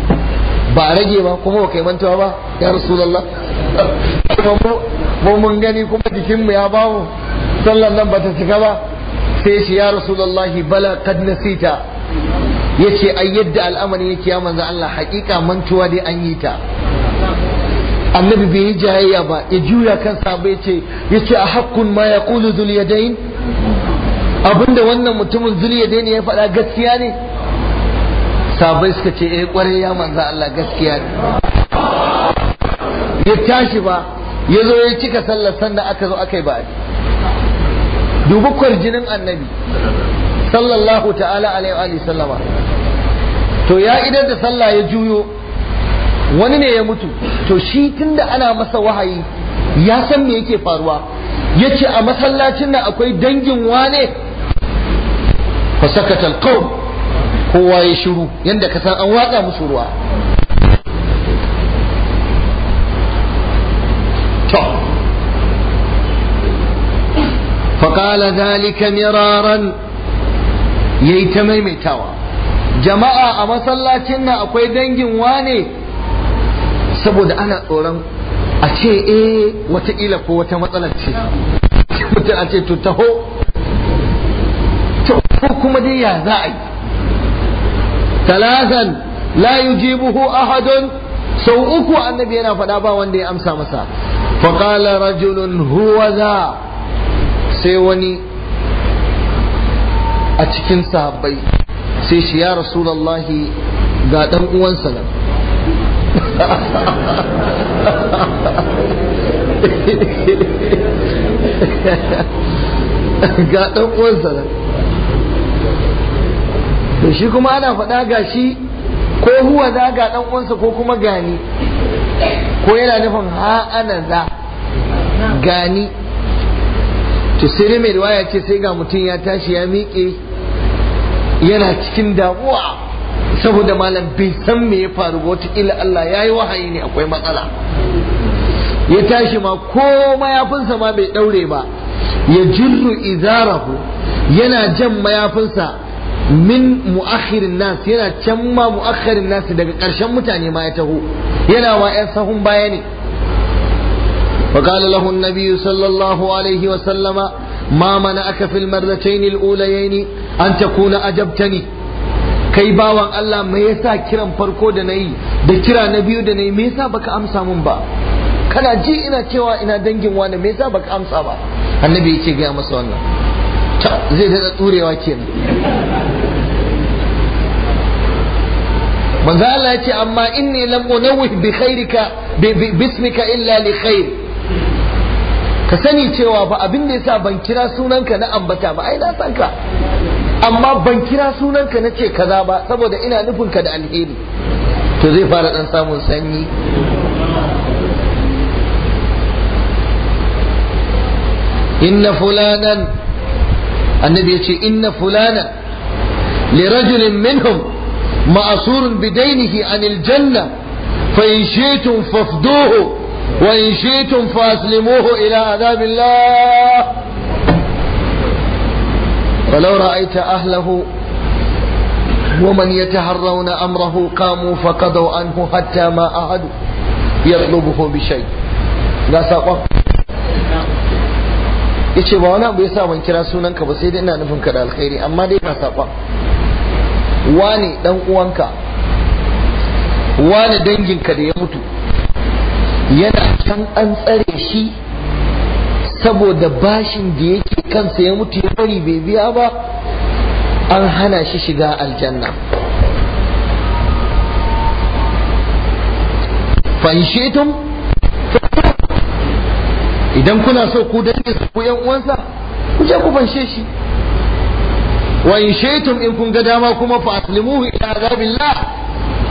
ba a rage ba kuma ba kai mantuwa ba ya rasulallah mu mun gani kuma jikinmu ya bamu sallan nan ba ta cika ba sai shi ya rasulullahi bala kad nasita yace ai yadda al'amari yake ya manzo Allah hakika mantuwa dai an yi ta annabi bai yi jayayya ba ya juya kansa bai ce yace a hakkun ma yaqulu dhul yadayn abinda wannan mutumin dhul yadayn ya faɗa gaskiya ne sabai suka ce eh kwarai ya manzo Allah gaskiya ne ya tashi ba ya zo ya cika sallar sanda aka zo aka yi ba Dubu kwarjinin annabi sallallahu ta'ala alaihi wa sallama to ya idan da sallah ya juyo wani ne ya mutu to shi tunda ana masa wahayi ya san me yake faruwa ya ce a masallacin nan akwai dangin wane fasakata alqawm kowa ya shiru yanda ka san an watsa musu ruwa فقال ذلك مرارا يتميمتوا jama'a a masallacin nan akwai dangin wane saboda ana tsoron a ce eh wataƙila ko wata matsalar ce mutum a ce to taho ko kuma dai ya za a yi talasan la yujibuhu ahadun sau uku annabi yana faɗa ba wanda ya amsa masa faƙala rajulun huwa za sai wani a cikin sahabbai sai shi ya rasulallahi ga dan uwansa nan ga ɗan uwansa nan shi kuma ana faɗa ga shi ko huwa za ga dan uwansa ko kuma gani ko yana nufin ha ana za gani to sai mai ya ce sai ga mutum ya tashi ya miƙe yana cikin damuwa saboda malam bai san me ya faru ba ila Allah ya yi wahayi ne akwai matsala ya tashi ma ko mayafinsa ma bai ɗaure ba ya jirru izarahu yana jan mayafinsa min mu'akhirin nas yana can ma mu'akhirin nas daga ƙarshen mutane ma ya taho yana ma 'yan sahun baya ne وقال له النبي صلى الله عليه وسلم ما منعك في المرتين الأوليين an ta kuna ajabtani kai bawan Allah me yasa kiran farko da yi da kira na biyu da nayi me yasa baka amsa mun ba kana ji ina cewa ina dangin wani me yasa baka amsa ba annabi yake gaya masa wannan zai da tsurewa kenan manzo Allah yace amma inni lam unawih bi khairika bismika illa li khair ka sani cewa ba abin da yasa ban kira sunanka na ambata ba ai na san ka amma ban kira sunanka na ce kaza ba saboda ina nufinka da alheri to zai fara dan samun sanyi inna fulanan annabi yace inna fulanan lirajulin minhum ma'asurin bidainihi anil janna fa in shi'tum fafduhu wa in shi'tum faslimuhu ila adabillah ولو رأيت أهله ومن يتهرون أمره قاموا فقضوا عنه حتى ما أحد يطلبه بشيء لا ساقوا yace ba wani abu yasa ban kira sunanka ba sai dai ina nufin ka da alkhairi amma dai na saƙon wani dan uwanka wani danginka da ya mutu yana can an tsare shi saboda bashin da yake kansa ya mutu ya bari bai biya ba an hana shi shiga aljanna fanshetum idan kuna so ku dange su yan uwansa ku je ku fanshe shi wa in shaitum in kun ga dama kuma fa aslimuhu ila azabillah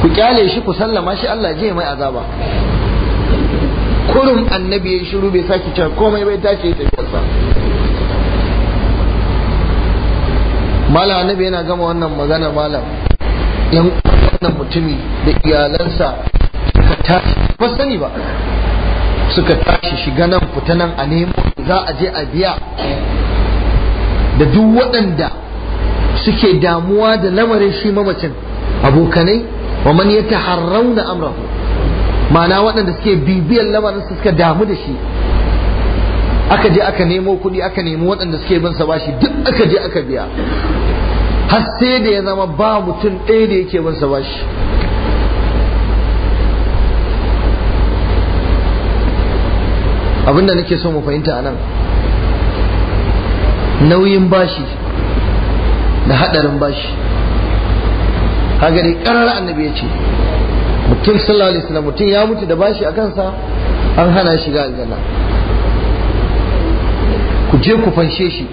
ku kyale shi ku sallama shi Allah je mai azaba kurum annabi ya shiru bai sake cewa komai bai tashi ya tafiyarsa mala annabi yana gama wannan magana mala yan wannan mutumi da iyalansa suka tashi ba sani ba suka tashi shiga nan fita nan a nemo za a je a biya da duk waɗanda suke damuwa da lamarin shi mamacin abokanai wa man yataharrauna amrahu mana waɗanda suke bibiyar lamarin suka damu da shi aka je aka nemo kuɗi aka nemi waɗanda suke bin sa bashi duk aka je aka biya har sai da ya zama ba mutum ɗaya da yake bin sa bashi abinda nake so mu fahimta a nan nauyin bashi da haɗarin bashi kaga dai ƙarar annabi ya ce mutum sallallahu alaihi wasallam mutum ya mutu da bashi a kansa an hana shiga aljanna ku je ku fanshe shi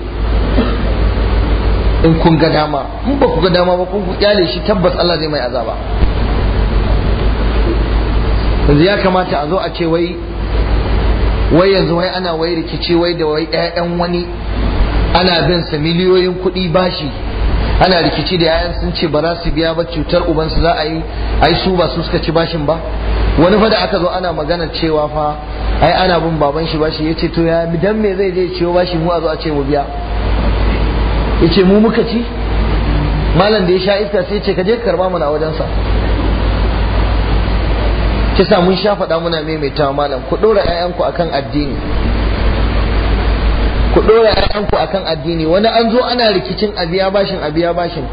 in kun ga dama in ba ku ga dama ba kun ku kyale shi tabbas Allah zai mai azaba yanzu ya kamata a zo a ce wai wai yanzu wai ana wai rikici wai da wai ƴaƴan wani ana bin sa miliyoyin kuɗi bashi ana rikici da yayan sun ce ba za su biya ba cutar ubansu za a yi ai su ba su suka ci bashin ba wani fa da aka zo ana magana cewa fa ai ana bin baban shi bashi ya ce to ya dan me zai je ciwo bashi mu a zo a ce mu biya ya ce mu muka ci malam da ya sha iska sai ya ce ka je karba mana a wajensa kisa mun sha faɗa muna maimaitawa malam ku ɗora 'ya'yanku akan addini ku ɗora ku akan addini wani an zo ana rikicin abiya bashin abiya bashin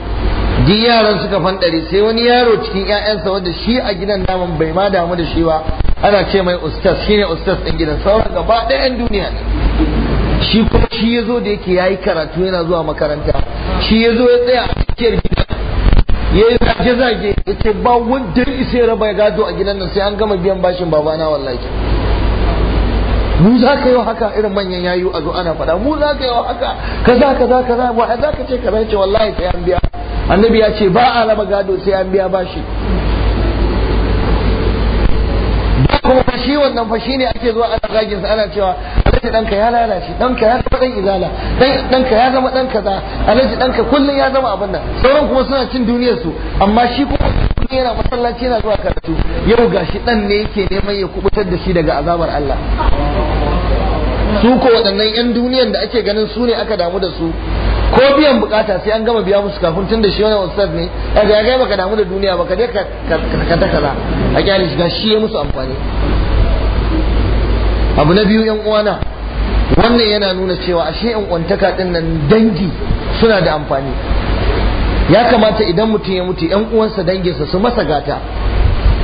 duk yaran suka fanɗari sai wani yaro cikin ‘ya'yansa wanda shi a gidan naman bai ma damu da shi ba ana ce mai ustaz shine ustaz ɗin gidan sauran gaba ɗayan duniya ne shi kuma shi ya zo da yake ya yi karatu yana zuwa makaranta shi ya zo ya tsaya a cikin gidan ya yi zage-zage ya ce ba wanda ya isa ya raba ya gado a gidan nan sai an gama biyan bashin babana wallahi mu za ka yi haka irin manyan yayu a zo ana faɗa mu za ka yi haka kaza kaza kaza wa za ka ce kaza ce wallahi sai an biya annabi ya ce ba a raba gado sai an biya bashi ba kuma shi wannan fa shine ake zuwa ana zagin sa ana cewa alaji danka ya lalace danka ya zama dan izala danka ya zama dan kaza alaji danka kullun ya zama abin nan sauran kuma suna cin duniyar su amma shi kuma yana masallaci yana zuwa karatu yau gashi dan ne yake neman ya kubutar da shi daga azabar Allah su ko waɗannan 'yan duniyan da ake ganin su ne aka damu da su ko biyan bukata sai an gama biya musu kafin tun da shi wani ustad ne daga ya gai baka damu da duniya ba ka je ka ta kaza a kyale shiga shi ya musu amfani abu na biyu yan uwana wannan yana nuna cewa ashe yan uwantaka din nan dangi suna da amfani ya kamata idan mutum ya mutu yan uwansa dangin sa su masa gata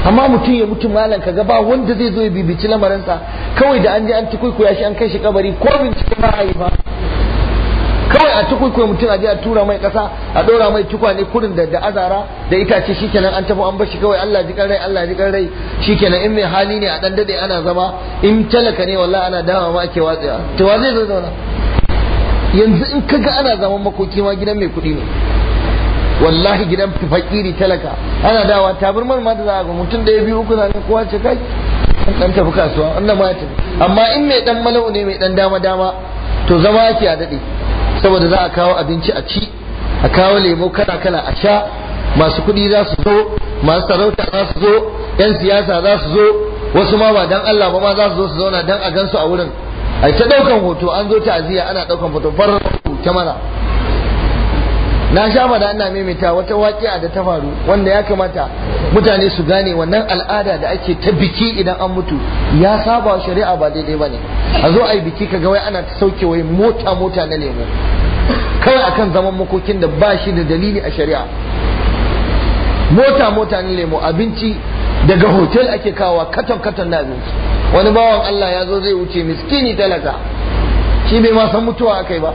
amma mutum ya mutu malam kaga ba wanda zai zo ya bibici lamarinsa kawai da an je an tukuikuya shi an kai shi kabari ko bincike ba a yi ba kawai a tukuikuya mutum a je a tura mai kasa a dora mai tukwane kurin da da azara da itace shikenan an tafi an bar shi kawai Allah ji rai Allah ji rai shikenan in mai hali ne a dan dade ana zama in talaka ne wallahi ana dawa ma ake watsewa to wa zai zo zauna yanzu in kaga ana zaman makoki ma gidan mai kuɗi ne wallahi gidan fakiri talaka ana dawa tabarmar ma da za a ga mutum da ya biyu uku zane kowa ce kai an dan tafi kasuwa wannan ma amma in mai ɗan malau ne mai ɗan dama dama to zama yake a dade saboda za a kawo abinci a ci a kawo lemo kala kala a sha masu kuɗi za su zo masu sarauta za su zo yan siyasa za su zo wasu ma ba dan Allah ba ma za su zo su zauna dan a gansu a wurin ai ta daukan hoto an zo ta'aziyya ana daukan hoto far ta mana na sha da ana maimaita wata waƙiya da ta faru wanda ya kamata mutane su gane wannan al'ada da ake ta biki idan an mutu ya saba shari'a ba daidai ba ne a zo a yi biki ka ga wai ana ta sauke wai mota mota na lemo kawai akan zaman makokin da ba shi da dalili a shari'a mota mota na lemo abinci daga hotel ake kawa katon katon na abinci wani bawan Allah ya zo zai wuce miskini talaka shi bai ma san mutuwa akai ba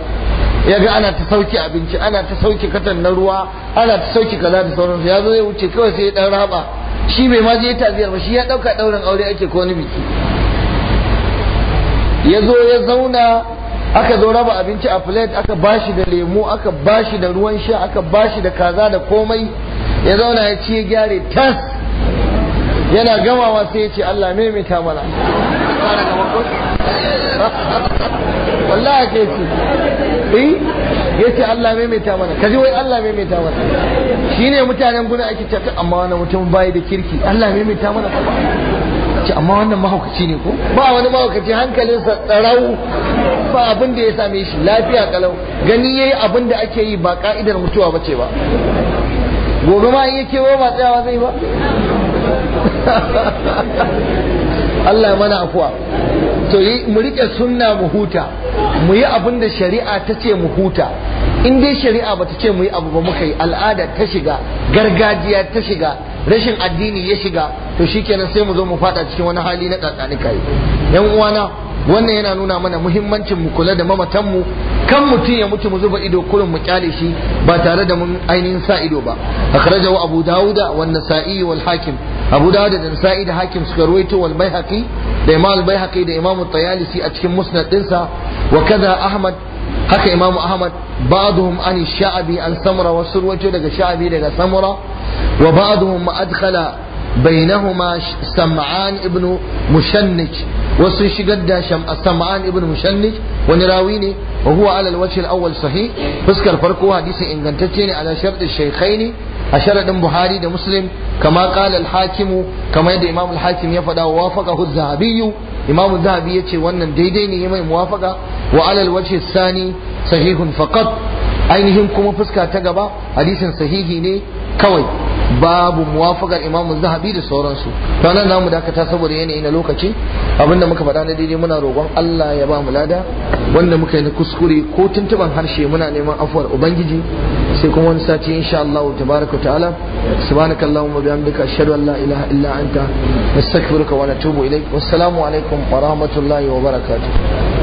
ya ga ana ta sauki abinci ana ta sauki katan na ruwa ana ta sauki kaza da sauransu ya zo zai wuce kawai sai ya dan raba shi bai ma je tafiyar ba shi ya dauka ɗaurin aure ake ko wani biki ya zo ya zauna aka zo raba abinci a plate aka bashi da lemu aka bashi da ruwan sha aka bashi da kaza da komai ya zauna ya ci ya gyare tas yana gamawa sai ya ce Allah maimaita mana wallahi ke ce eh ya ce Allah maimaita mana kaji wai Allah maimaita mana shine mutanen guda ake cewa amma wani mutum bai da kirki Allah maimaita mana ce amma wannan mahaukaci ne ko ba wani mahaukaci hankalinsa tsarau ba abin da ya same shi lafiya kalau gani yayi abin da ake yi ba ka'idar mutuwa bace ba gobe ma in yake ba tsayawa zai ba Allah ya mana afuwa to yi mu rike sunna mu huta mu yi abin da shari'a ta ce mu huta in dai shari'a bata ce mu yi abu ba muka yi al'ada ta shiga gargajiya ta shiga rashin addini ya shiga to shikenan sai mu zo mu fada cikin wani hali na tsakanin kai yan uwana wannan yana nuna mana muhimmancin mu kula da mamatan mu kan mutum ya mutu mu zuba ido kurin mu kyale shi ba tare da mun ainihin sa ido ba akhrajahu abu wa an nasa'i wal hakim abu dawud da nasa'i da hakim suka ruwaito wal baihaqi da imam al baihaqi da imam at-tayalisi a cikin musnad dinsa wa kaza ahmad haka imamu ahmad ba'dhum an sha'abi an samura wasu ruwaito daga sha'abi daga samura wa ba'dhum adkhala bainahuma sam'an ibnu mushannij wasu shigar da sam'an ibnu mushannij wani rawi ne wa huwa ala alwajh alawwal sahih fuskar farko hadisin ingantacce ne ala shartu shaykhaini a sharadin buhari da muslim kama qala al-hakim kama yadda imam al-hakim ya faɗa wa wafaqahu az-zahabi imam az-zahabi yace wannan daidai ne mai muwafaqa wa ala al sani sahihun faqat ainihin kuma fuska ta gaba hadisin sahihi ne kawai babu muwafaqar imam zahabi da sauransu to nan zamu dakata saboda yanayi na lokaci abinda muka faɗa na daidai muna roƙon Allah ya ba mu lada wanda muka yi na kuskure ko tuntuban harshe muna neman afuwar ubangiji sai kuma wani sati insha Allah tabaraka ta'ala subhanakallahumma bihamdika ashhadu an la ilaha illa anta astaghfiruka wa atubu ilaik wassalamu alaikum wa rahmatullahi wa barakatuh